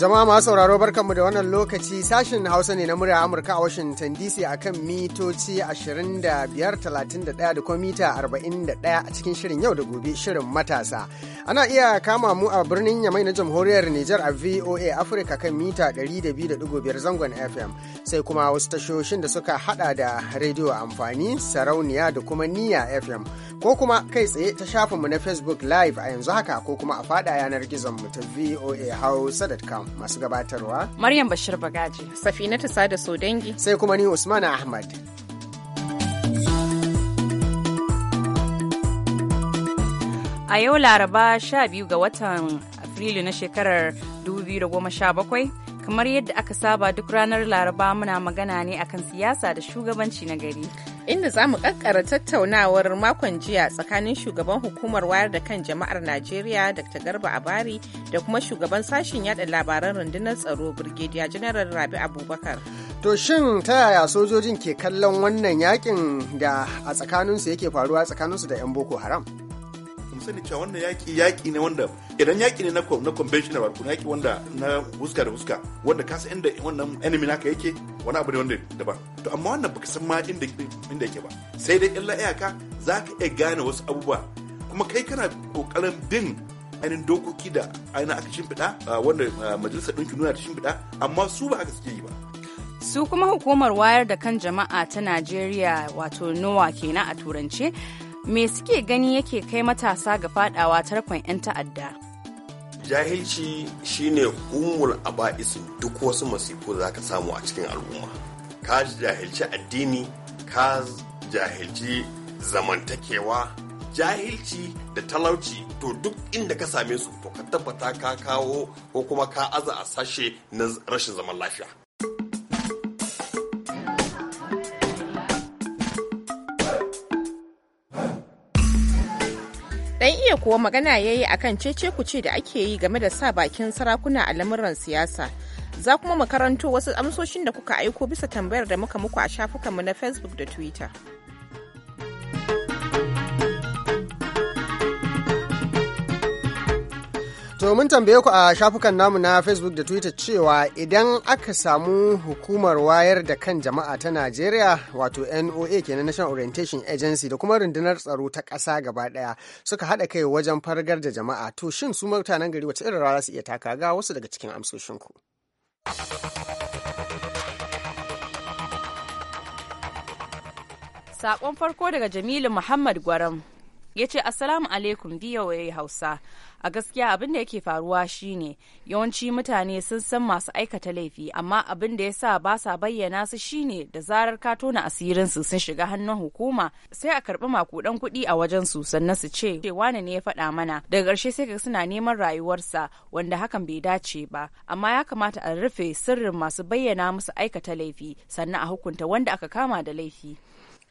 Jama'a masu sauraro barkanmu da wannan lokaci sashen Hausa ne na murya Amurka a Washington DC a kan mitoci 25,31 da kuma mita 41 a cikin shirin yau da gobe shirin matasa. Ana iya kama mu a birnin Yamai na Jamhuriyar Nijar a VOA Africa kan mita 200.5 zangon FM sai kuma wasu tashoshin da suka hada da rediyo amfani sarauniya da kuma niya FM ko kuma kai tsaye ta shafinmu na Facebook Live a yanzu haka ko kuma a fada yanar gizon mu ta VOA Hausa.com masu gabatarwa Maryam Bashir Bagaji Safinatu Sada Sodangi sai kuma ni Usman Ahmad A yau Laraba 12 ga watan Afrilu na shekarar 2017 kamar yadda aka saba duk ranar laraba muna magana ne akan siyasa da shugabanci na gari inda za mu kakkara tattaunawar makon jiya tsakanin shugaban hukumar wayar da kan jama'ar Najeriya Dr. Garba Abari da kuma shugaban sashen yada labaran rundunar tsaro Brigadier General Rabi Abubakar. To shin ta yaya sojojin ke kallon wannan yakin da a tsakaninsu yake faruwa tsakaninsu da 'yan Boko Haram? ku sani cewa wannan yaƙi yaƙi ne wanda idan yaƙi ne na conventional wato yaƙi wanda na huska da huska wanda ka san inda wannan enemy naka yake wani abu ne wanda daban to amma wannan baka san ma inda inda yake ba sai dai illa iyaka za ka iya gane wasu abubuwa kuma kai kana kokarin bin ainihin dokoki da ainihin aka shimfiɗa wanda majalisar ɗinki nuna ta shimfiɗa amma su ba aka suke yi ba su kuma hukumar wayar da kan jama'a ta najeriya wato nowa kenan a turance me suke gani yake kai matasa ga fadawa tarkon 'yan ta'adda jahilci shine umul aba'isin duk wasu masifu za ka samu a cikin al'umma ka jahilci addini ka jahilci zamantakewa jahilci da talauci to duk inda ka same su to ka tabbata ka kawo ko kuma ka aza a sashe na rashin zaman lafiya Jiya kuwa magana ya yi akan cece kuce da ake yi game da sa bakin sarakuna a lamuran siyasa. Za kuma makaranto wasu amsoshin da kuka aiko bisa tambayar da muka muku a shafukanmu na Facebook da Twitter. To mun tambaye ku a shafukan namu na Facebook da Twitter cewa idan aka samu hukumar wayar da kan jama'a ta Najeriya wato NOA kenan National Orientation Agency da kuma rundunar tsaro ta ƙasa gaba ɗaya suka haɗa kai wajen fargar da jama'a to shin su mutanen gari wace irin rawa su iya taka ga wasu daga cikin amsoshin ku. Saƙon farko daga Jamilu Muhammad Gwaram ya ce Assalamu alaikum yayi Hausa. a gaskiya abin da yake faruwa shine yawanci mutane sun san masu aikata laifi amma abin da ya sa ba sa bayyana su shine da zarar ka tona asirinsu sun shiga hannun hukuma sai a karbi makudan kuɗi a wajen su sannan su ce wane ne ya faɗa mana daga karshe sai ka suna neman rayuwarsa wanda hakan bai dace ba amma ya kamata a rufe sirrin masu bayyana musu aikata laifi sannan a hukunta wanda aka kama da laifi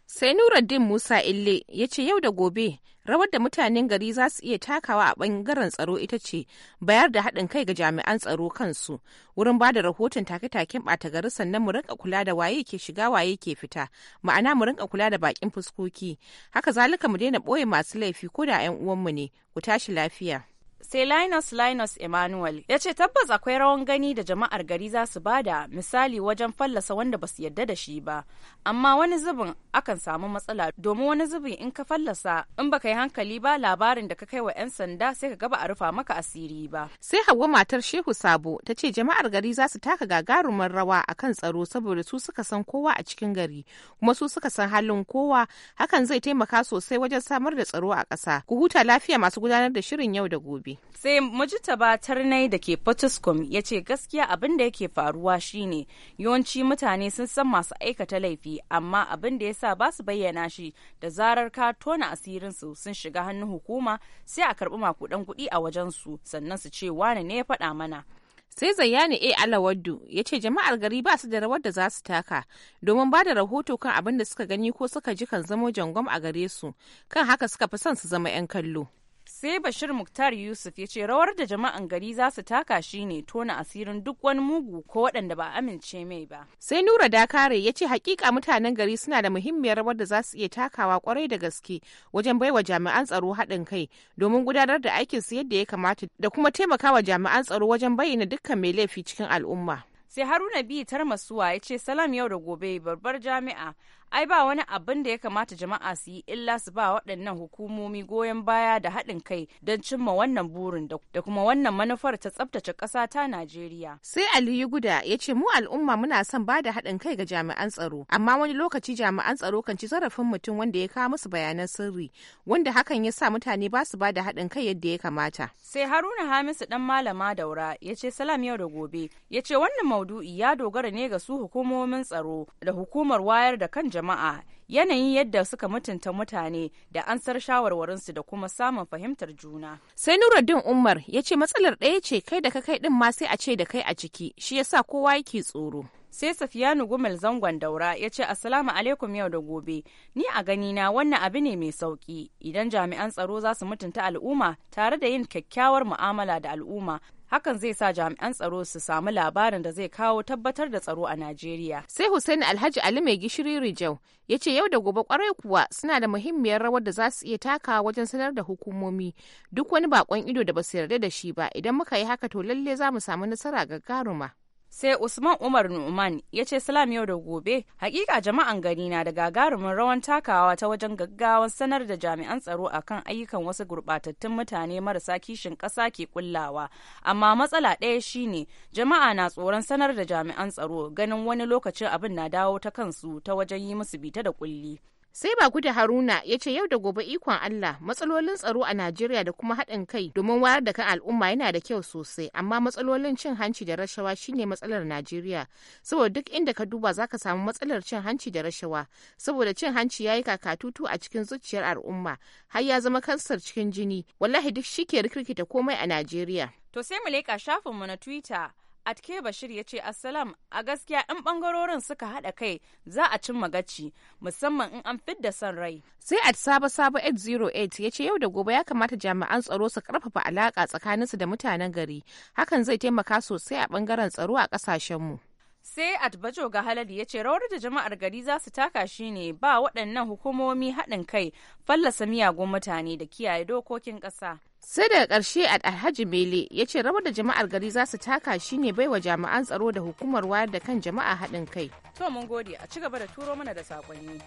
sai Nuruddin Musa Ille ya ce yau da gobe rawar da mutanen gari za su iya takawa a bangaren tsaro ita ce bayar da haɗin kai ga jami'an tsaro kansu wurin ba da rahoton take-taken ɓata gari sannan mu rinka kula da waye ke shiga waye ke fita ma'ana mu rinka kula da bakin fuskoki haka zalika mu daina ɓoye masu laifi ko da 'yan uwanmu ne ku tashi lafiya. sai Linus Linus Emmanuel ya ce tabbas akwai rawan gani da jama'ar gari za su bada misali wajen fallasa wanda ba su yadda da shi ba amma wani zubin akan samu matsala domin wani zubin in ka fallasa in baka yi hankali ba labarin da ka kai wa 'yan sanda sai ka gaba a rufa maka asiri ba sai hawa matar shehu sabo ta ce jama'ar gari za su taka gagarumar rawa akan tsaro saboda su suka san kowa a cikin gari kuma su suka san halin kowa hakan zai taimaka sosai wajen samar da tsaro a ƙasa ku huta lafiya masu gudanar da shirin yau da gobe Sai Mujitaba Tarnai da ke Potiskum ya ce gaskiya abin da yake faruwa shine yawanci mutane sun san masu aikata laifi amma abin da ya sa ba su bayyana shi da zarar ka tona asirinsu sun shiga hannun hukuma sai a karɓi makudan kuɗi a wajensu sannan su ce wane ne ya faɗa mana. sai zayyani a alawaddu ya ce jama'ar gari ba su da rawar da za su taka domin ba da rahoto kan abin da suka gani ko suka ji kan zamo jangwam a gare su kan haka suka fi son su zama 'yan kallo sai bashir muktar yusuf ya ce rawar da jama'an gari za su taka ne tona asirin duk wani mugu ko waɗanda ba amince mai ba sai nura dakare ya ce hakika mutanen gari suna da muhimmiyar rawar da za su iya takawa kwarai da gaske wajen baiwa jami'an tsaro haɗin kai domin gudanar da aikin su yadda ya kamata da kuma taimakawa jami'an tsaro wajen bayyana dukkan mai laifi cikin al'umma sai haruna biyu tarmasuwa ya ce salam yau da gobe babbar jami'a ai ba wani abin da ya kamata jama'a su yi illa su ba waɗannan hukumomi goyon baya da haɗin kai don cimma wannan burin da kuma wannan manufar ta tsabtace ƙasa ta Najeriya. Sai Aliyu Guda ya ce mu al'umma muna son ba da haɗin kai ga jami'an tsaro amma wani lokaci jami'an tsaro kan ci zarafin mutum wanda ya kawo musu bayanan sirri wanda hakan ya sa mutane ba su ba da haɗin kai yadda ya kamata. Sai Haruna Hamisu ɗan malama Daura ya ce salam yau da gobe ya ce wannan maudu'i ya dogara ne ga su hukumomin tsaro da hukumar wayar da kan jama'a jama'a yanayin yadda suka mutunta mutane da ansar shawarwarinsu da kuma samun fahimtar juna. Sai Nuruddin Umar ya ce matsalar ɗaya ce kai da ka kai ɗin ma sai a ce da kai a ciki shi ya sa kowa yake tsoro. sai safiyanu gumel zangon daura ya ce asalamu alaikum yau da gobe ni a gani na wannan abu ne mai sauƙi idan jami'an tsaro za su mutunta al'umma tare da yin kyakkyawar mu'amala da al'umma hakan zai sa jami'an tsaro su samu labarin da zai kawo tabbatar da tsaro a Najeriya. Sai Hussein Alhaji Ali mai gishiri Rijau ya ce yau da gobe kwarai kuwa suna da muhimmiyar rawar da za su iya taka wajen sanar da hukumomi duk wani bakon ido da ba su yarda da shi ba idan muka yi haka to lalle za mu samu nasara gagaruma. sai usman umar numan ya ce salam yau da gobe hakika jama'an gari na da gagarumin rawan takawa ta wajen gaggawan sanar da jami'an tsaro akan ayyukan wasu gurbatattun mutane marasa kishin ƙasa ke kullawa amma matsala ɗaya shine jama'a na tsoron sanar da jami'an tsaro ganin wani lokacin abin na dawo ta kansu ta wajen yi musu bita da kulli Sai ba gudu Haruna ya ce yau da gobe ikon Allah matsalolin tsaro a Najeriya da kuma haɗin kai domin wayar da kan al'umma yana da kyau sosai amma matsalolin cin hanci da rashawa shine matsalar Najeriya saboda duk inda ka duba zaka samu matsalar cin hanci da rashawa saboda cin hanci ya yi kakatutu a cikin zuciyar al'umma har ya zama kansar cikin jini wallahi duk shi ke rikirkita komai a Najeriya. To sai mu leƙa shafinmu na Twitter Atke Bashir ya ce Assalam a gaskiya in bangarorin suka haɗa kai za a cin magaci musamman in an da son rai. Sai at saba saba 808 ya ce yau da gobe ya kamata jami'an tsaro su karfafa alaƙa tsakaninsu da mutanen gari hakan zai taimaka sosai a ɓangaren tsaro a ƙasashenmu. sai at Bajo ga halali ya ce rawar da jama'ar gari za su taka shi ne ba waɗannan hukumomi haɗin kai fallasa miyagun mutane da kiyaye dokokin ƙasa sai daga ƙarshe alhaji mele ya ce rawar da jama'ar gari za su taka shi ne baiwa jami'an tsaro da hukumar wayar da kan jama'a haɗin kai to mun gode a ci gaba da turo mana da saƙonni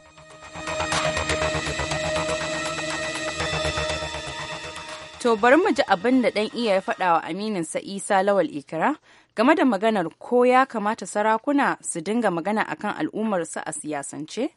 to bari mu ji abin da ɗan iya ya faɗa wa aminin sa isa lawal ikira game da maganar ko ya kamata sarakuna su dinga magana akan al'ummar su a siyasance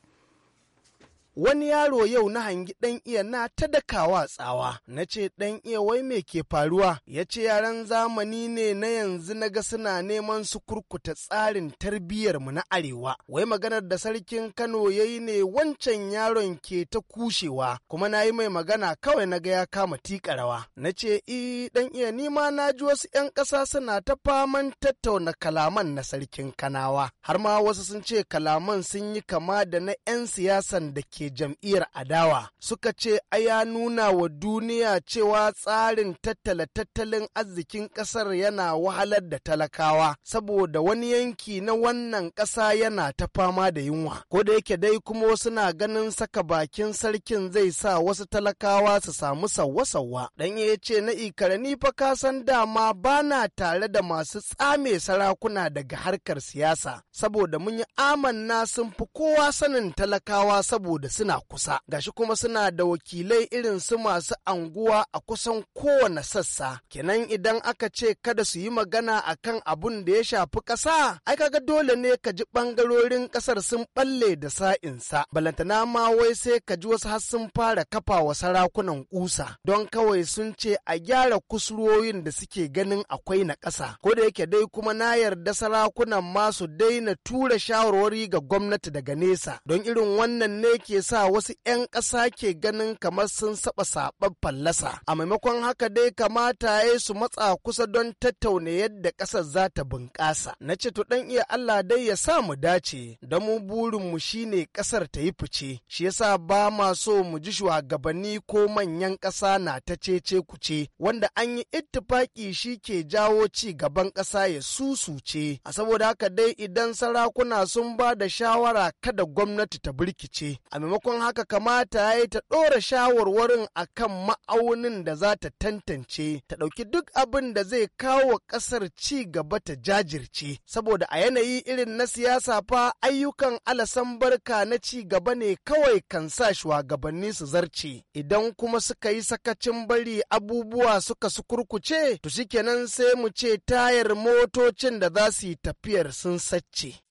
wani yaro yau na hangi ɗan iya na ta dakawa tsawa na ce ɗan iya wai me ke faruwa ya ce yaran zamani ne na yanzu na ga suna neman su kurkuta tsarin tarbiyyar mu na arewa wai maganar da sarkin kano ya yi ne wancan yaron ke ta kushewa kuma na yi mai magana kawai na ga ya kama tikarawa na ce i e, ɗan iya ni ma na ji wasu 'yan ƙasa suna ta faman tattauna kalaman na sarkin kanawa har ma wasu sun ce kalaman sun yi kama da na 'yan siyasan da ke ke jam'iyyar adawa suka ce a ya nuna wa duniya cewa tsarin tattala tattalin arzikin ƙasar yana wahalar da talakawa saboda wani yanki na wannan ƙasa yana ta fama da yunwa ko da yake dai kuma wasu na ganin saka bakin sarkin zai sa wasu talakawa su samu sauwa-sauwa dan ya ce na ikarani fa ka san dama ba na tare da masu tsame sarakuna daga harkar siyasa saboda mun yi amanna sun fi kowa sanin talakawa saboda suna kusa gashi kuma suna da wakilai irin su masu anguwa a kusan kowane sassa kenan idan aka ce kada su yi magana akan abun da ya shafi ƙasa ai kaga dole ne ka ji ɓangarorin ƙasar sun ɓalle da sa'insa balantana ma wai sai ka ji wasu har sun fara kafa wa sarakunan ƙusa. don kawai sun ce a gyara kusurwoyin da suke ganin akwai na ƙasa ko da yake dai kuma na yarda sarakunan masu daina tura shawarwari ga gwamnati daga nesa don irin wannan ne ke sa wasu 'yan ƙasa ke ganin kamar sun saba saɓar fallasa. A maimakon haka dai kamata ya su matsa kusa don tattauna yadda ƙasar za ta bunƙasa. Na ce to ɗan iya Allah dai ya sa mu dace, da mu burinmu shine ƙasar ta yi fice. Shi yasa ba ma so mu ji shugabanni ko manyan ƙasa na ta cece kuce, wanda an yi ittifaki shi ke jawo ci gaban ƙasa ya susuce. A saboda haka dai idan sarakuna sun ba da shawara kada gwamnati ta birkice. maimakon haka kamata ya yi ta ɗora shawarwarin a kan ma'aunin da za ta tantance ta ɗauki duk abin da zai kawo ƙasar ci gaba ta jajirce saboda a yanayi irin na siyasa fa ayyukan alasan barka na ci gaba ne kawai kan sa shugabanni su zarce idan kuma suka yi sakacin bari abubuwa suka sukurkuce kurkuce to shikenan sai mu ce tayar motocin da za su yi tafiyar sun sacce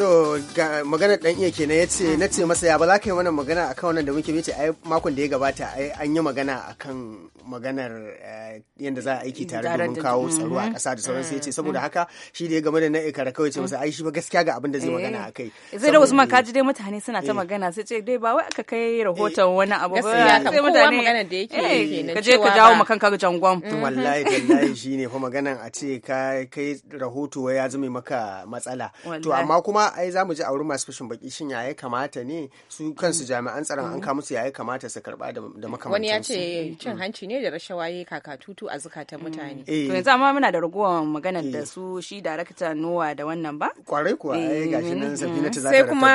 to ga magana dan iya kenan ya ce na ce masa ya ba za ka yi mana magana akan wannan da muke bace ai makon da ya gabata ai an yi magana akan maganar eh, yadda za a aiki tare domin kawo tsaro a kasa mm-hmm. da sauransu ya ce mm-hmm. saboda mm-hmm. haka shi da ya game da na ikara kawai ce masa ai shi ba gaskiya ga abin da zai magana akai sai eh. da Usman kaji dai mutane suna ta eh. magana sai ce dai ba wai aka kai rahoton wani abu ba sai mutane magana da yake ka je ka dawo makan ka jangon wallahi tallahi shine fa maganan a ce ka kai rahoto ya zame maka matsala to amma kuma ai za mu ji a wurin masu fashin baki shin ya ya kamata ne su kansu jami'an tsaron an kama su ya ya kamata su karba da makamantansu wani ya ce cin mm. hanci ne da rashawa ya kaka tutu a zukatan mm. mutane eh. to yanzu amma muna da ragowar maganar da eh. su shi darakta nowa da wannan ba kwarai kuwa yi gashi nan eh. safina ta sai kuma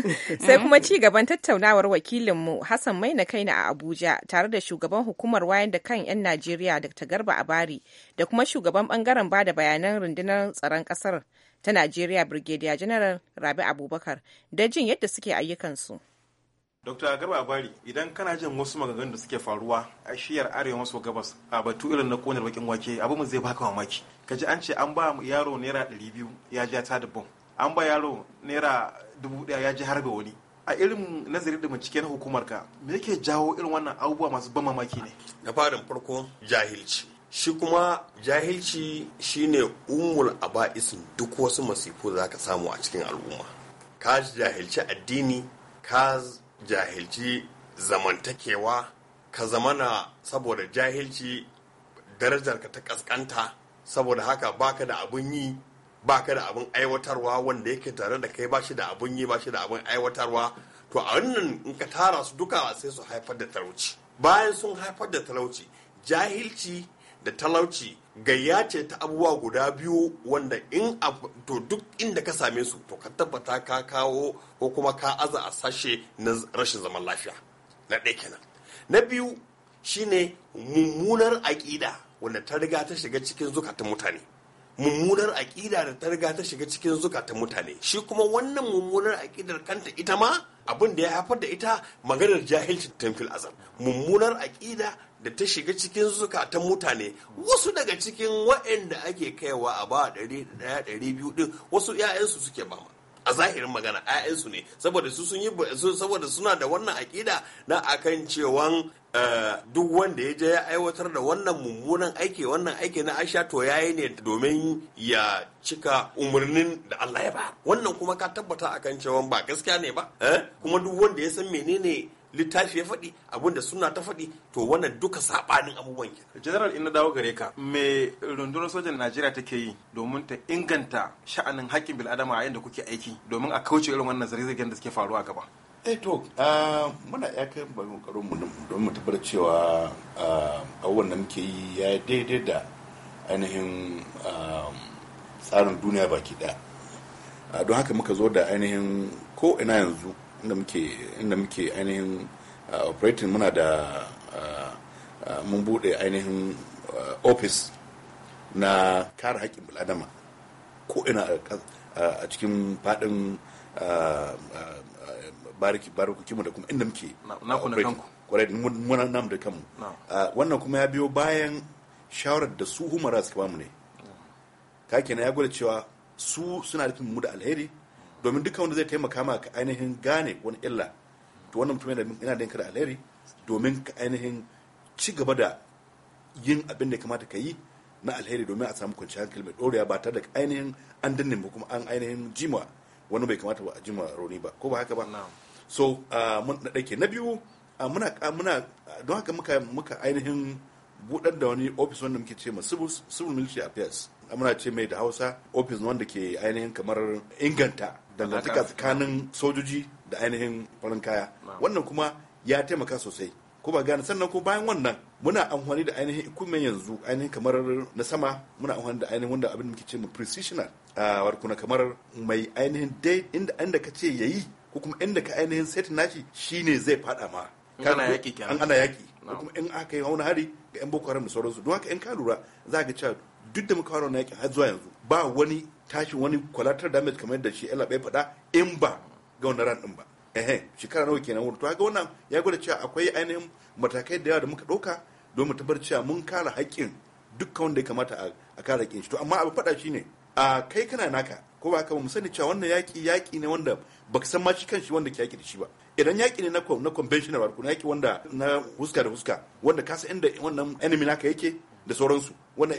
sai kuma mm. ci gaban tattaunawar wakilinmu Hassan Maina Kaina a Abuja tare da shugaban hukumar wayan da kan 'yan Najeriya Dr. Garba Abari da kuma shugaban bangaren bada bayanan rundunar tsaron kasar ta Najeriya Brigadier General Rabi Abubakar da jin yadda suke ayyukansu. Dr. Garba Abari idan kana jin wasu maganganun da suke faruwa a shiyar arewa maso gabas a batu irin na konar bakin wake abu mu zai baka mamaki. Kaji an ce an ba yaro naira ɗari biyu ya ji ta da bom. An ba yaro naira dubu ɗaya ya ji harbe wani. a irin nazari da bincike na hukumar ka me yake jawo irin wannan abubuwa masu ban mamaki ne na farin farko jahilci shi kuma jahilci shine umul aba'isin duk wasu masifu za ka samu a cikin al'umma ka jahilci addini ka jahilci zamantakewa ka zamana saboda jahilci darajarka ta kaskanta saboda haka baka da abin yi baka da abin aiwatarwa wanda yake tare da kai bashi da abin yi bashi da abin aiwatarwa to a wannan in ka tara su duka sai su haifar da talauci bayan sun haifar da talauci jahilci da talauci gayya ce ta abubuwa guda biyu wanda in to duk inda ka same su to ka tabbata ka kawo ko kuma ka aza a sashe na rashin zaman lafiya na ɗaya kenan na biyu shine mummunar aƙida wanda ta riga ta shiga cikin zukatan mutane mummunar aƙida da ta riga ta shiga cikin zukatan mutane shi kuma wannan mummunar aƙidar kanta ita ma abin da ya haifar da ita maganar jahilcin tamfil azam mummunar aƙida da ta shiga cikin zukatan mutane wasu daga cikin waɗanda ake kaiwa a ba ɗari ɗaya ɗari biyu ɗin wasu ‘ya'yansu suke ba ma a zahirin magana ‘ya'yansu ne saboda su sun yi saboda suna da wannan aƙida na akan cewan eh, duk wanda ya je ya aiwatar da wannan mummunan aiki wannan aiki na aisha to yayi ne domin ya cika umarnin da Allah ya ba wannan kuma ka tabbata akan cewa ba gaskiya ne ba eh? kuma duk wanda ya san menene littafi ya faɗi abin da suna ta faɗi to wannan duka saɓanin abubuwan ke. general ina dawo gare ka me rundunar sojan najeriya take yi domin ta inganta sha'anin haƙƙin bil'adama a yadda kuke aiki domin a kauce irin wannan zarge-zargen da suke a gaba. eh to ah, muna ya kai bari mu don mu tabbatar cewa ah, abubuwan da muke yi ya daidai da ainihin ah, tsarin duniya baki ɗaya don haka muka zo da ainihin ko ina yanzu inda muke ainihin uh, operating muna da uh, uh, mun bude ainihin office na kare haƙƙin bil'adama ko ina a cikin faɗin barikokinmu da kuma inda muke operating da kanmu wannan kuma ya biyo bayan shawarar da su humara suka bamu ne mm. kake na ya gwada cewa su suna da mu da alheri domin duka wanda zai taimaka ma ka ainihin gane wani illa to wannan mutum yana da yanka da alheri domin ka ainihin ci gaba da yin abin da kamata ka yi na alheri domin a samu kwanciyar hankali mai ɗorewa ba tare da ainihin an danne ba kuma an ainihin jima wani bai kamata ba a jima rauni ba ko ba haka ba so ah, mun na ɗauke na biyu ah, muna muna don haka muka muka ainihin buɗar da wani ofis wanda muke ce ma civil military affairs muna ce mai da hausa ofis wanda ke ainihin kamar inganta dangantaka tsakanin sojoji da ainihin farin kaya wannan kuma ya taimaka sosai ko ba gane sannan ko bayan wannan muna amfani da ainihin ikumen yanzu ainihin kamar na sama muna amfani da ainihin wanda abin muke ce mu precisioner a warkuna kamar mai ainihin dai inda inda ka ce yayi ko kuma inda ka ainihin set nashi shine zai fada ma kana yaki kenan ana yaki ko kuma in aka yi wani hari ga yan boko haram da sauransu don haka in ka lura za ka cewa duk da muka fara wannan yakin har zuwa yanzu ba wani tashin wani kwalatar damage kamar da shi elabe faɗa in ba ga wani ran ɗin ba ehe shekara nawa kenan wurin to ga wannan ya gwada cewa akwai ainihin matakai da yawa da muka ɗauka don mu tabbatar cewa mun kare haƙƙin dukkan wanda ya kamata a kare haƙƙin shi to amma abu faɗa shi ne. a kai kana naka ko ba haka ba mu sani cewa wannan yaƙi yaƙi ne wanda ba ka san ma shi kan shi wanda ke yaƙi da shi ba idan yaƙi ne na conventional ba na yaƙi wanda na huska da huska wanda ka san inda wannan enemy naka yake da sauransu wani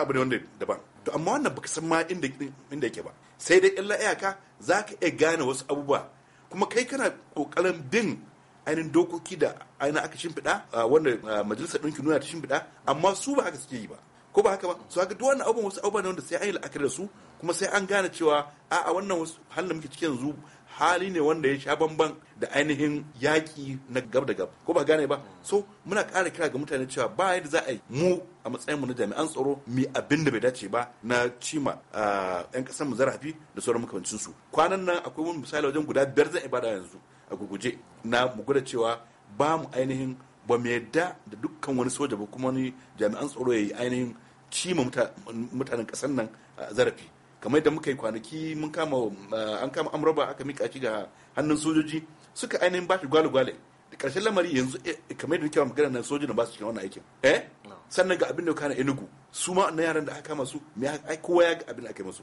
abu ne wanda daban to amma wannan baka san ma inda inda yake ba sai dai illa iyaka zaka iya gane wasu abubuwa kuma kai kana kokarin bin ainihin dokoki da ainihin aka shimfiɗa wanda majalisar ɗinki nuna ta shimfiɗa amma su ba haka suke yi ba ko ba haka ba su haka duk wannan abubuwan wasu abubuwa ne wanda sai an yi la'akari da su kuma sai an gane cewa a'a wannan wasu halin da muke cikin yanzu hali ne wanda ya sha bamban da ainihin yaƙi na gab da gab ko ba gane ba so muna ƙara kira ga mutane cewa ba yadda za a yi mu a matsayin mu na jami'an tsaro mi abin da bai dace ba na cima yan ƙasar mu zarafi da sauran makamancin su kwanan nan akwai wani misali wajen guda biyar zan ibada yanzu a guguje na mu gwada cewa ba mu ainihin ba mu yadda da dukkan wani soja ba kuma wani jami'an tsaro ya yi ainihin cima mutanen ƙasar nan zarafi kamar da muka yi kwanaki mun kama eh, an kama amurba aka mika shi ga hannun sojoji suka ainihin ba shi gwale-gwale da ƙarshen lamari yanzu eh, kamar da wa magana nan sojoji na ba su cikin wannan aikin eh sannan ga abin da kana enugu su ma na yaran da aka kama su me ai kowa ya ga abin da aka yi musu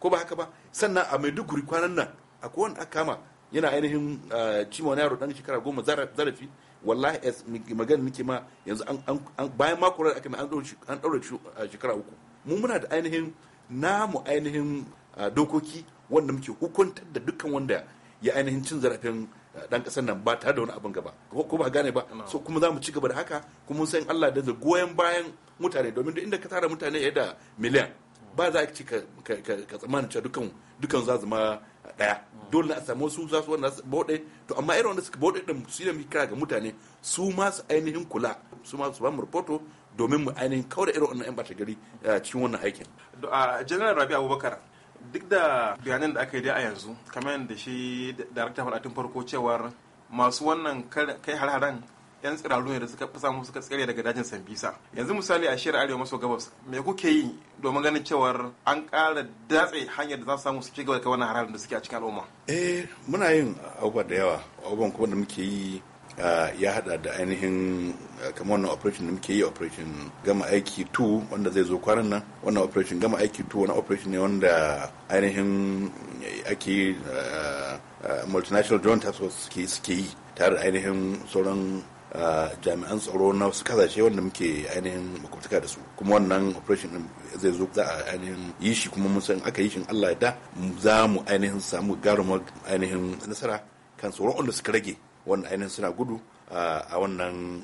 ko ba haka ba sannan a maiduguri kwanan nan akwai wanda aka kama yana ainihin eh, cimon yaro dan shekara goma zarafi wallahi as magana nake ma yanzu an bayan mako aka mai an ɗaure shekara uku mu muna da ainihin namu ainihin ah, dokoki wanda muke hukuntar da dukkan wanda ya ainihin cin zarafin dan ah, kasar nan ba tare da wani abin gaba ko ba gane ba so kuma za mu ci gaba da haka kuma san Allah da da goyon bayan mutane domin duk inda ka tara mutane ya da miliyan ba za ka ci ka tsammanin cewa dukkan dukkan za zama daya dole na a samu su za su wanda su to amma irin wanda suka bode din su ne kira ga mutane su ma su ainihin kula su ma su ba mu rahoto domin mu ainihin kaura irin wannan 'yan bata gari eh, cikin wannan aikin. a ah, General Rabi Abubakar duk da bayanan da aka yi a yanzu kamar yadda shi darakta faɗa tun farko cewar masu wannan kai har-haren 'yan tsiraru ne da suka fi samu suka tsere daga dajin sambisa yanzu misali a shiyar arewa maso gabas me kuke yi domin ganin cewar an ƙara datse hanyar da za su samu su ci gaba da na wannan hararin da suke a cikin al'umma eh muna yin abubuwa da yawa abubuwan kuma da muke yi ya hada da ainihin kamar wannan operation da muke yi operation gama aiki 2 wanda zai zo kwanan nan wannan operation gama aiki 2 wani operation ne wanda ainihin ake multinational joint task force suke yi tare da ainihin sauran jami'an tsaro na wasu kasashe wanda muke ainihin makwabtaka da su kuma wannan operation zai zo za a ainihin yi shi kuma mun san aka yi shi Allah ya da za mu ainihin samu garumar ainihin nasara kan tsoron wanda suka rage wanda ainihin suna gudu a wannan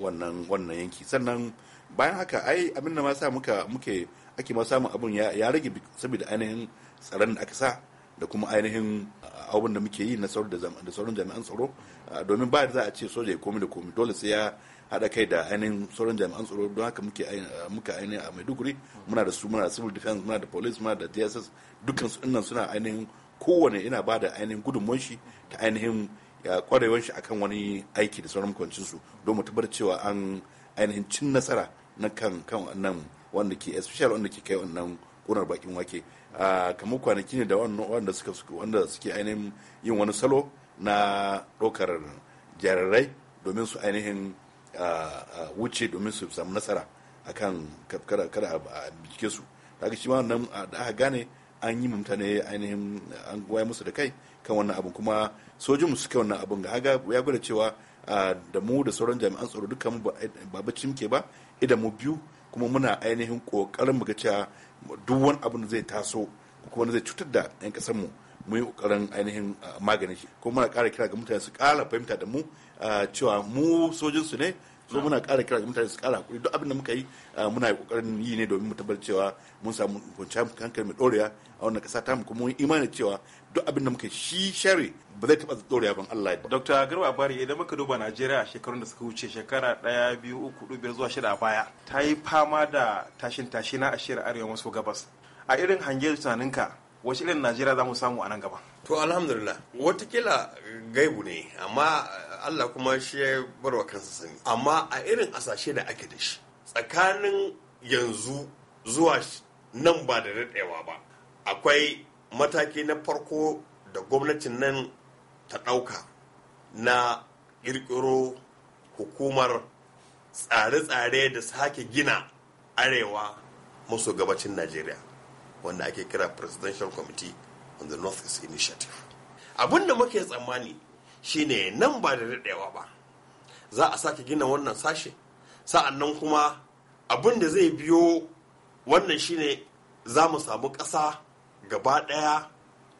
wannan wannan yanki sannan bayan haka ai abin da ma sa muka muke ake ma samun abun ya rage saboda ainihin tsaron da aka sa da kuma ainihin abin da muke yi na da sauran jami'an tsaro domin ba za a ce soja ya komi da komi dole sai ya haɗa kai da ainihin sauran jami'an tsaro don haka muke muka ainihin a maiduguri muna da su muna da civil defense muna da police muna da dss dukkan su suna ainihin kowane ina ba da ainihin gudunmuwan shi ta ainihin kwarewan shi akan wani aiki da sauran kwancin su don mu tabbatar cewa an ainihin cin nasara na kan kan wannan wanda ke especially wanda ke kai wannan kunar bakin wake kamar kwanaki ne da wanda suka wanda suke ainihin yin wani salo na dokar jarirai domin su ainihin wuce domin su samu nasara akan kada a bincike su daga shi ma nan da aka gane an yi mutane ainihin an goya musu da kai kan wannan abun kuma sojin su kai wannan abun ga haga ya gwada cewa da mu da sauran jami'an tsaro dukkan ba bacci muke ba idan mu biyu kuma muna ainihin kokarin mu ga cewa duk wani abun da zai taso ko wani zai cutar da 'yan kasar mu mu yi kokarin ainihin maganin kuma muna kara kira ga mutane su kara fahimta da mu cewa mu sojin su ne so muna kara kira ga mutane su kara hakuri duk abin da muka yi ah, muna kokarin yi ne domin mu tabbatar cewa mun samu kwanciyar hankali mai dorewa a wannan kasa ta mu kuma mun imani cewa duk abin da muka shi share ba zai taba dorewa ban Allah ya Dr. Garba Bari idan muka duba Najeriya shekarun da suka wuce shekara ɗaya biyu uku 4 zuwa shida a baya ta yi fama da tashin tashina a shirin arewa maso gabas a irin hange tunaninka wace irin Najeriya za mu samu a nan gaba. To alhamdulillah watakila gaibu ne amma Allah kuma shi ya barwa kansa sani amma a irin asashe da ake da shi tsakanin yanzu zuwa nan ba da daɗewa ba akwai mataki na farko da gwamnatin nan ta ɗauka na ƙirƙiro hukumar tsare-tsare da sake gina arewa maso gabacin najeriya wanda ake kira presidential committee on the north east initiative abin da muke tsammani shine nan ba da daɗewa ba za a sake gina wannan sashe sa'annan kuma abin da zai biyo wannan shine za mu samu ƙasa gaba ɗaya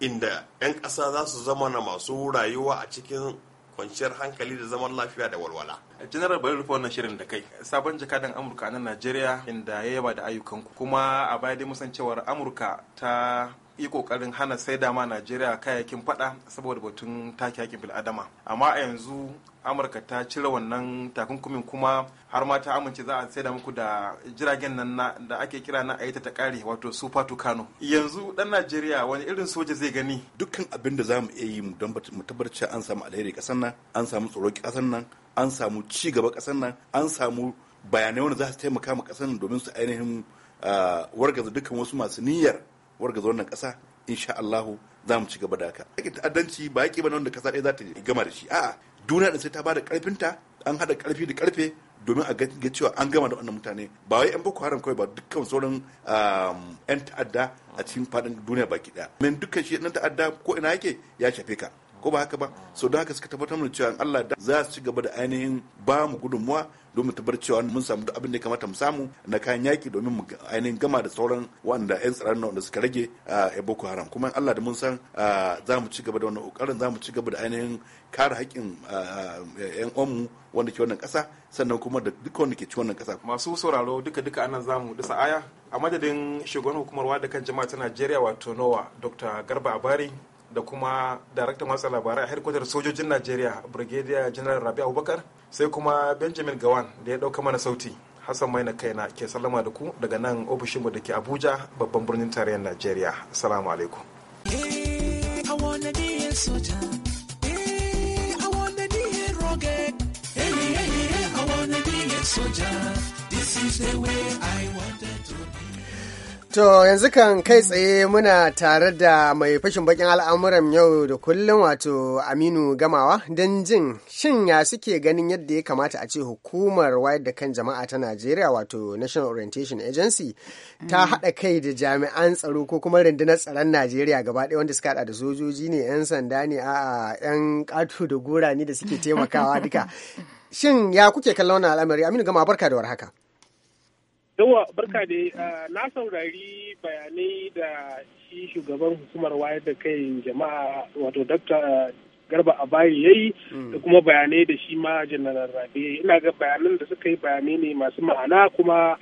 inda 'yan ƙasa za su zama na masu rayuwa a cikin kwanciyar hankali da zaman lafiya da walwala. general bari rufe wannan shirin da kai sabon jakadan amurka na najeriya inda ya yaba da ayyukanku kuma a baya dai musan cewar amurka ta yi kokarin hana sai dama ma najeriya kayayyakin fada saboda batun take yakin bil'adama amma a yanzu amurka ta cire wannan takunkumin kuma har ma ta amince za a saida muku da jiragen nan da ake kira na ayyata ta kare wato super tucano yanzu dan najeriya wani irin soja zai gani dukkan abin da za mu iya yi don mu tabbatar an samu alheri kasan nan an samu tsaro kasan nan an samu ci gaba kasan nan an samu bayanai wanda za su taimaka ma kasan domin su ainihin ah, wargaza dukkan wasu masu niyyar wargaza wannan ƙasa insha Allahu za mu ci gaba da haka. Yaƙin ta'addanci ba yake ba wanda ƙasa ɗaya za ta gama da shi. A'a duniya da sai ta bada ƙarfinta an haɗa ƙarfi da ƙarfe domin a ga cewa an gama da wannan mutane ba wai yan boko haram kawai ba dukkan sauran um, yan ta'adda a cikin faɗin duniya baki ɗaya. Men dukkan shi ɗan ta'adda ko ina yake ya shafe ka. ko ba haka ba so don haka suka tabbatar mana cewa Allah da za su ci gaba da ainihin ba mu gudunmuwa domin tabbatar cewa mun samu duk abin da ya kamata mu samu na kayan yaki domin mu ainihin gama da sauran wanda yan tsaron da suka rage a Boko Haram kuma Allah da mun san za mu ci gaba da wannan kokarin za mu ci gaba da ainihin kare haƙƙin yan uwanmu wanda ke wannan ƙasa sannan kuma da duk wanda ke ci wannan ƙasa masu sauraro duka duka anan za mu dasa aya a madadin shugaban hukumar wada kan jama'a ta Najeriya wato NOWA Dr. Garba Abari da kuma daraktan watsa labarai a hedkwatar sojojin najeriya brigadier general rabi abubakar sai kuma benjamin gawan da ya dauka mana sauti hassan maina kaina ke sallama da ku daga nan ofishinmu da ke abuja babban birnin tarayyar najeriya salamu alaikum eh, eh, eh, this is the way I wanted to be. To yanzu kan kai tsaye muna tare da mai fashin bakin al'amuran yau da kullum wato Aminu Gamawa don jin shin ya suke ganin yadda ya kamata a ce hukumar wayar da kan jama'a ta Najeriya wato National Orientation Agency ta mm. haɗa kai da jami'an tsaro ko kuma rundunar tsaron Najeriya gaba ɗaya wanda suka haɗa da sojoji ne 'yan sanda ne a 'yan ƙato da gora da suke taimakawa duka. Shin ya kuke kallon al'amari Aminu Gamawa barka da warhaka. haka. yawa barka da ah, na saurari bayanai da shi shugaban hukumar wayar da kai jama'a wato dr garba abari ya yi hmm. da kuma bayanai da shi ma janar rabe ina ga bayanan da suka yi bayanai ne masu ma'ana kuma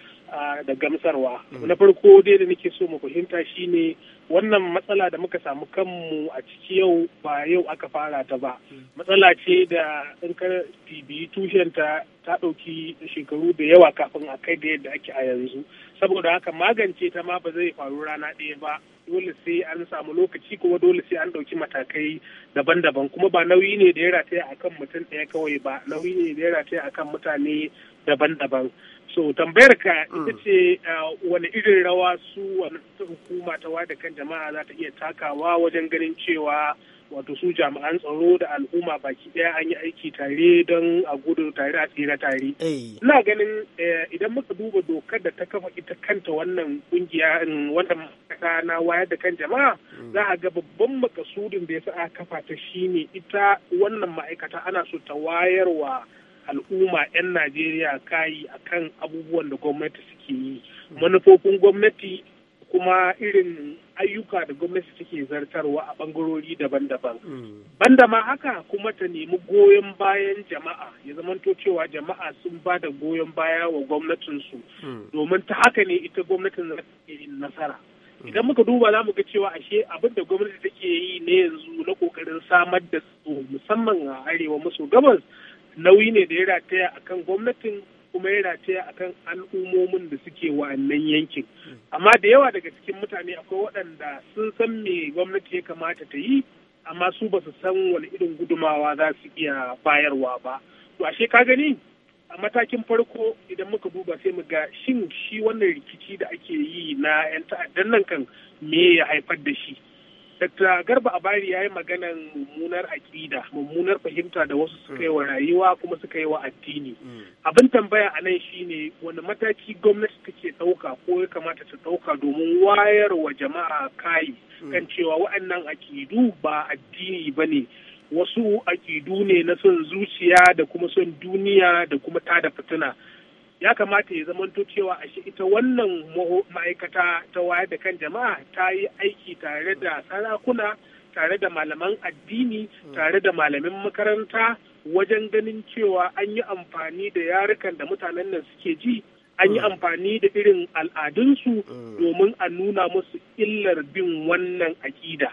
da gamsarwa mm. na farko dai da nake so mu fahimta shine wannan matsala da muka samu kanmu a ciki yau ba yau aka fara ta ba mm. matsala ce da in ka tushen tushenta ta ɗauki shekaru da yawa kafin a kai da yadda ake a yanzu saboda haka magance ta ma ba zai faru rana ɗaya ba dole sai an samu lokaci kuma dole sai an ɗauki matakai daban-daban kuma ba nauyi ne da ya rataya akan mutum ɗaya kawai ba nauyi ne da ya rataya akan mutane daban-daban so tambayar ka mm. ita ce uh, wani irin rawa su wani hukuma ta wada kan jama'a za ta iya takawa wajen ganin cewa wato su jami'an tsaro da al'umma baki ɗaya an yi aiki tare don a gudu tare a tsira tare. Eh. Ina ganin eh, idan muka duba dokar da ta kafa ita kanta wannan kungiya mm, wannan makata na wayar da kan jama'a mm. za a ga babban makasudin da ya sa a kafa ta shine ita wannan ma'aikata ana so ta wayarwa al'umma 'yan najeriya kayi a kan abubuwan da gwamnati suke yi manufofin gwamnati kuma irin ayyuka da gwamnati take zartarwa a bangarori daban-daban. Mm. Banda ma haka kuma ta nemi goyon bayan jama'a ya zamanto cewa jama'a sun ba da goyon baya wa gwamnatinsu mm. domin ta haka ne ita gwamnatin za ta yi nasara. Mm. Idan muka duba za mu ga cewa ashe abin da gwamnati take yi ne yanzu na kokarin samar da tsaro musamman a arewa maso gabas nauyi ne da ya rataya a kan gwamnatin kuma ya rataya a kan al'ummomin da suke wa'annan yankin amma da yawa daga cikin mutane akwai waɗanda sun san me gwamnati ya kamata ta yi amma su ba su san wani irin gudumawa za su iya bayarwa ba to ashe ka gani a matakin farko idan muka duba sai mu ga shin shi wannan rikici da ake yi na 'yan ta'addan nan kan me ya haifar da shi Dr. Garba Abari ya yi maganan mummunar aƙida, mummunar fahimta da wasu suka yi wa rayuwa kuma suka yi wa addini. Mm. Abin tambaya a nan shine wani mataki gwamnati take ɗauka ko ya kamata ta ɗauka domin wayar wa jama'a kai mm. kan cewa waɗannan aƙidu ba addini ba ne. Wasu aƙidu ne na son zuciya da kuma son duniya da kuma tada fitina. ya kamata ya zamanto cewa ashe ita wannan ma'aikata ta wayar da kan jama'a ta yi aiki tare da sarakuna tare da malaman addini hmm. tare da malamin makaranta wajen ganin cewa an yi amfani da yarukan da mutanen nan suke ji an yi hmm. amfani da irin al'adunsu hmm. domin a nuna musu illar bin wannan aƙida.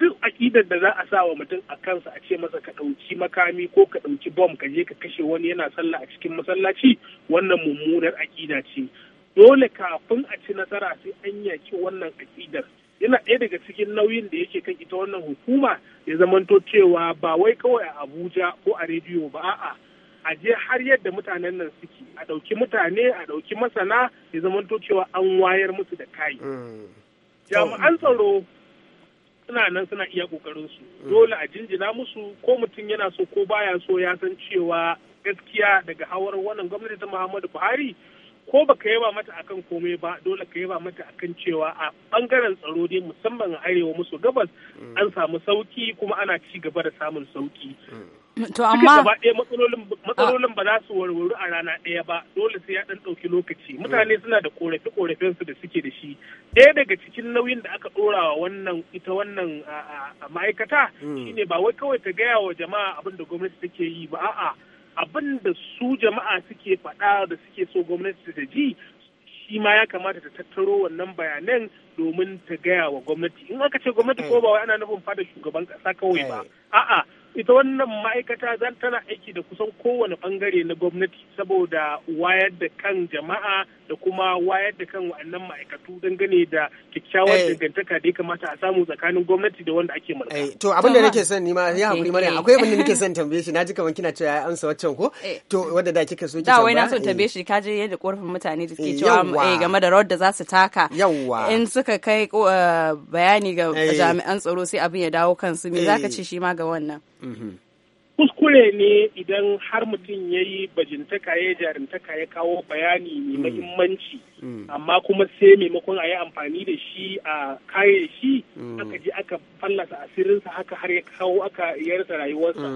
duk aƙidar da za a sa wa mutum a kansa a ce masa ka ɗauki makami ko ka ɗauki bom ka je ka kashe wani yana sallah a cikin masallaci wannan mummunar aƙida ce dole kafin a ci nasara sai an yaki wannan aƙidar yana ɗaya daga cikin nauyin da yake kan ita wannan hukuma ya zamanto cewa ba wai kawai a abuja ko a rediyo ba a'a a je har yadda mutanen nan suke a ɗauki mutane a ɗauki masana ya zamanto cewa an wayar musu da kai mm. jami'an tsaro suna nan suna iya kokarin su dole a jinjina musu ko mutum yana so ko baya so ya san cewa gaskiya daga hawar wannan gwamnati ta Muhammadu Buhari ko baka yaba mata akan komai ba dole ka yaba mata akan cewa a bangaren tsaro dai musamman a arewa musu gabas an samu sauki kuma ana ci gaba da samun sauki To amma matsalolin ah. ba za su warware a rana ɗaya ba dole sai ya ɗan ɗauki lokaci mutane suna da korafe korafen da suke da shi ɗaya daga cikin nauyin da aka ɗora wa wannan ita wannan ma'aikata hmm. shine ba wai kawai ta gaya wa jama'a abin da gwamnati take yi ba a'a abin da su jama'a suke faɗa da suke so gwamnati ta ji shi ma ya kamata ta tattaro wannan bayanan domin ta gaya wa gwamnati in aka ce gwamnati ko ba wai ana nufin fada shugaban ƙasa kawai ba eh. a'a ita wannan ma'aikata zan tana aiki da kusan kowane bangare na gwamnati saboda wayar da kan jama'a da kuma wayar da kan wa'annan ma'aikatu dangane da kyakkyawar eh. dangantaka da ya kamata a samu tsakanin gwamnati da wanda ake mulka. Eh, to abin da nake son nima ya hakuri mana akwai abin da nake son tambaye shi naji kamar kina cewa ya amsa waccan ko eh. to wanda da kika so ki tambaya. Da wai na son tambaye shi kaje yadda korafin mutane da ke cewa game da rawar da za su taka. Yawwa. In suka kai bayani ga jami'an tsaro sai abin ya dawo kansu me zaka ce shi ma ga wannan? kuskure ne idan har mutum ya yi bajintaka ya jarintaka ya kawo bayani mai mm. mahimmanci mm. amma kuma sai maimakon a yi amfani da shi a kare shi mm. aka ji aka fallasa asirinsa haka har ya kawo aka yarsa rayuwarsa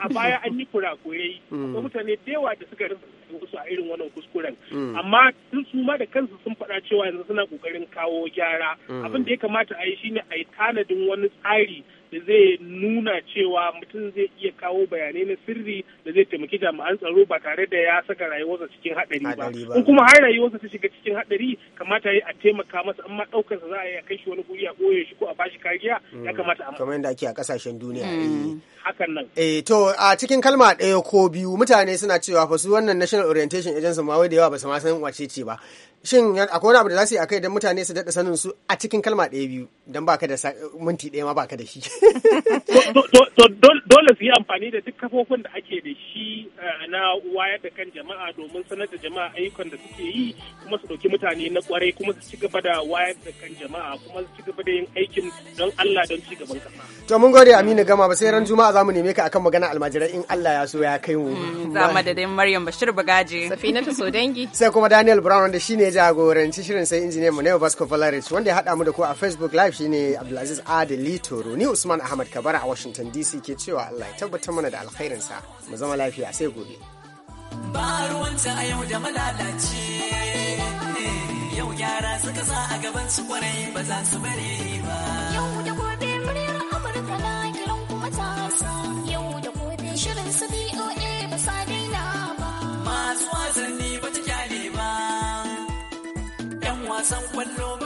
a baya an yi kurakurai akwai mutane da yawa da suka rasa wasu a irin wannan kuskuren amma sun suma da kansu sun faɗa cewa yanzu suna kokarin kawo gyara abin da ya kamata a yi shine a yi tanadin wani tsari da zai nuna cewa mutum zai iya kawo bayanai na sirri da zai taimaki jami'an tsaro ba tare da ya saka rayuwarsa cikin haɗari ba in kuma har rayuwarsa ta shiga cikin haɗari kamata ya a taimaka masa amma ɗaukar sa za a yi a kai shi wani guri a ɓoye shi ko a bashi kariya ya mm. kamata a kamar yadda ake a ƙasashen duniya mm. eh. hakan nan eh to a cikin kalma ɗaya ko biyu mutane suna cewa fa su wannan national orientation agency ma wai da yawa ba su ma san wace ce ba shin akwai wani abu da za su yi akai idan mutane su daɗa sanin su a cikin kalma ɗaya biyu don baka da minti ɗaya ma baka da shi. Dole su yi amfani da duk kafofin da ake da shi eh, na wayar da kan jama'a domin sanar da jama'a ayyukan da suke yi kuma su ɗauki mutane na kwarai kuma su ci gaba da wayar da kan jama'a kuma su ci gaba da yin aikin don Allah don ci gaban kasa. To mun gode Aminu Gama ba sai ran Juma'a za mu neme ka akan magana almajirai in Allah ya so ya kai mu. Mm, za dai Maryam Bashir Bagaje. Safinatu Sodangi. Sai kuma Daniel Brown wanda shine jagoranci shirin sai injiniyan mu Neo Vasco Valeris wanda ya haɗa mu da ku a Facebook Live shine Abdulaziz Adeli Toro ni Usman Ahmad Kabara a Washington DC ke cewa Allah ya tabbatar mana da alkhairinsa mu zama lafiya sai gobe. Ba ruwanta a yau da malalaci yau gyara suka sa a gaban su kwarai ba za su bari ba. Yau da gobe muryar Amurka na kiran kuma ta yau da gobe shirin su BOA ba sa daina ba. Masu wasanni san kwallo